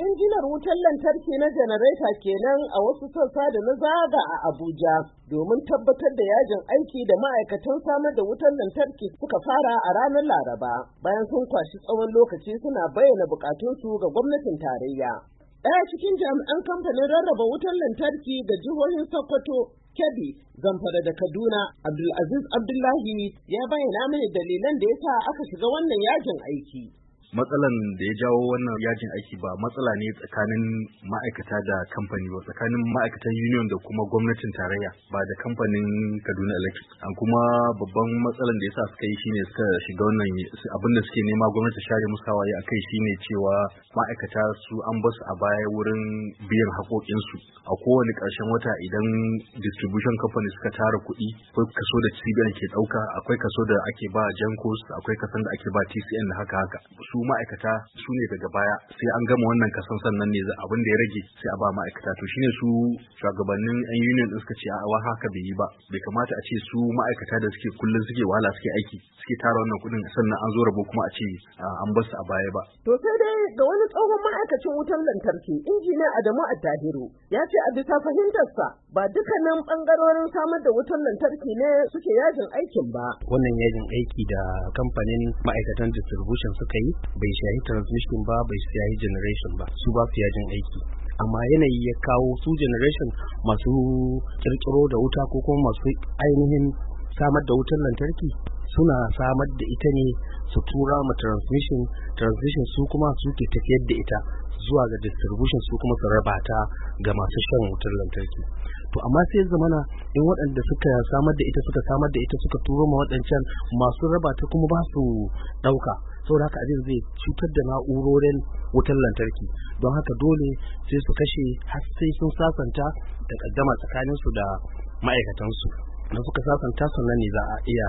injinar wutar lantarki na janareta kenan a wasu sassa da na zaga a Abuja domin tabbatar da yajin aiki da ma'aikatan samar da wutar lantarki suka fara a ranar Laraba bayan sun kwashi tsawon lokaci suna bayyana bukatunsu ga gwamnatin tarayya. Daya cikin jami'an kamfanin rarraba wutar lantarki ga jihohin Sokoto Kebbi, Zamfara da Kaduna, Abdulaziz Abdullahi ya bayyana mini dalilan da ya sa aka shiga wannan yajin aiki. matsalan da ya jawo wannan yajin aiki ba matsala ne tsakanin ma'aikata da kamfani ba tsakanin ma'aikatan union da kuma gwamnatin tarayya ba da kamfanin kaduna electric an kuma babban matsalan da yasa suka yi shine suka shiga wannan abin da suke nema gwamnati share musu hawaye akai shine cewa ma'aikata su an ba su a baya wurin biyan haƙoƙinsu a kowane ƙarshen wata idan distribution company suka tara kuɗi akwai kaso da cibiyar ke ɗauka akwai kaso da ake ba jankos akwai kasan da ake ba tcn da haka haka su ma'aikata su ne daga baya sai an gama wannan kasan sannan ne abin da ya rage sai a ba ma'aikata to shine su shugabannin yan union din suka ce a wa haka bai yi ba bai kamata a ce su ma'aikata da suke kullun suke wahala suke aiki suke tara wannan kudin sannan an zo rabo kuma a ce an bar su a baya ba to sai dai ga wani tsohon ma'aikacin wutar lantarki injiniya Adamu Addahiru ya ce a bisa fahimtarsa ba dukkanin bangarorin samar da wutar lantarki ne suke yajin aikin ba wannan yajin aiki da kamfanin ma'aikatan distribution suka yi bai shayi transmission ba bai shayi generation ba su ba su yajin aiki amma yanayi ya kawo su generation masu kirkiro da wuta ko kuma masu ainihin samar da wutar lantarki suna samar da ita ne su tura ma transmission transmission su kuma su ke tafiyar da ita zuwa ga distribution su kuma su raba ta ga masu shan wutar lantarki to amma sai zamana in waɗanda suka samar da ita suka samar da ita suka turo ma waɗancan masu raba ta kuma ba su ɗauka saboda haka abin zai cutar da na'urorin wutar lantarki don haka dole sai su kashe har sai sun sasanta da ƙaddama tsakaninsu da ma'aikatansu da suka sasanta sannan ne za a iya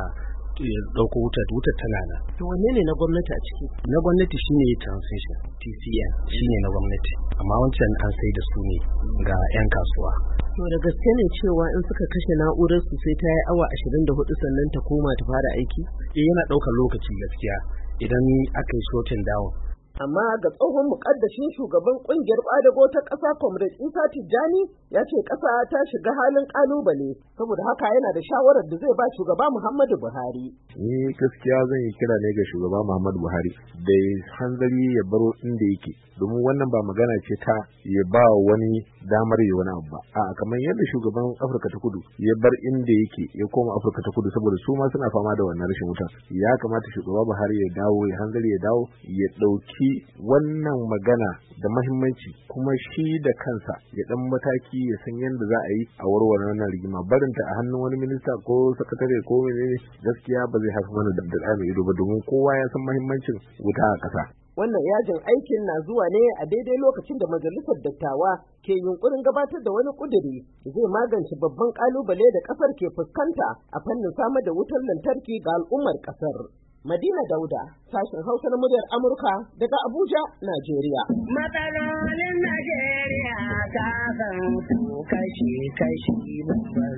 ya dauko wutar wutar tana nan to wanne ne na gwamnati a ciki na gwamnati shine transition TCN shine na gwamnati amma wancan an sai da su ne ga yan kasuwa to da gaske ne cewa in suka kashe na'urar su sai ta yi awa 24 sannan ta koma ta fara aiki eh, yana daukar lokaci gaskiya idan aka yi shortin down amma ga tsohon mukaddashin shugaban kungiyar ƙwadago ta ƙasa comrade isa tijjani ya ce ƙasa ta shiga halin ƙalubale saboda haka yana da shawarar da zai ba shugaba muhammadu buhari ni gaskiya zan yi kira ne ga shugaba muhammadu buhari da hanzari ya baro inda yake domin wannan ba magana ce ta ya ba wani damar ya wani abu ba a kamar yadda shugaban afirka ta kudu ya bar inda yake ya koma afirka ta kudu saboda suma suna fama da wannan rashin wuta, ya kamata shugaba buhari ya dawo ya hanzari ya dawo ya ɗauki ɗauki wannan magana da mahimmanci kuma shi da kansa ya ɗan mataki ya san yadda za a yi a warware wannan rigima barinta a hannun wani minista ko sakatare ko menene gaskiya ba zai haka mana da mai ido ba domin kowa ya san mahimmancin wuta a ƙasa. Wannan yajin aikin na zuwa ne a daidai lokacin da majalisar dattawa ke yunkurin gabatar da wani ƙuduri zai magance babban ƙalubale da ƙasar ke fuskanta a fannin samar da wutar lantarki ga al'ummar ƙasar. Madina Dauda, sashen Hausa na muryar Amurka daga Abuja, Najeriya. Matsalolin Najeriya ta kashi kashi babban,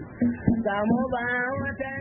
samu ba wata